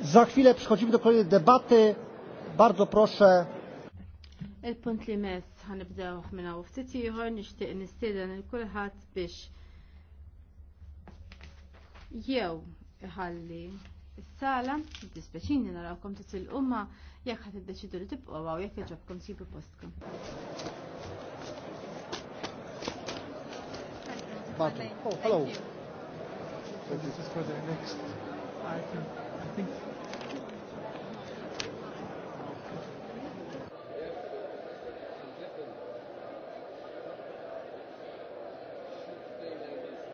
Za chwilę przechodzimy do kolejnej debaty. Bardzo proszę. Il-punt li mess ħanibdew minna u ftit ieħor nixtieq nistieden il kulħadd biex jew iħalli s-sala, dispeċini narawkom titilqu ma jekk ħad iddeċidu li tibqgħu għaw jekk iġobkom sibu postkom. But, oh, hello. So this is for the next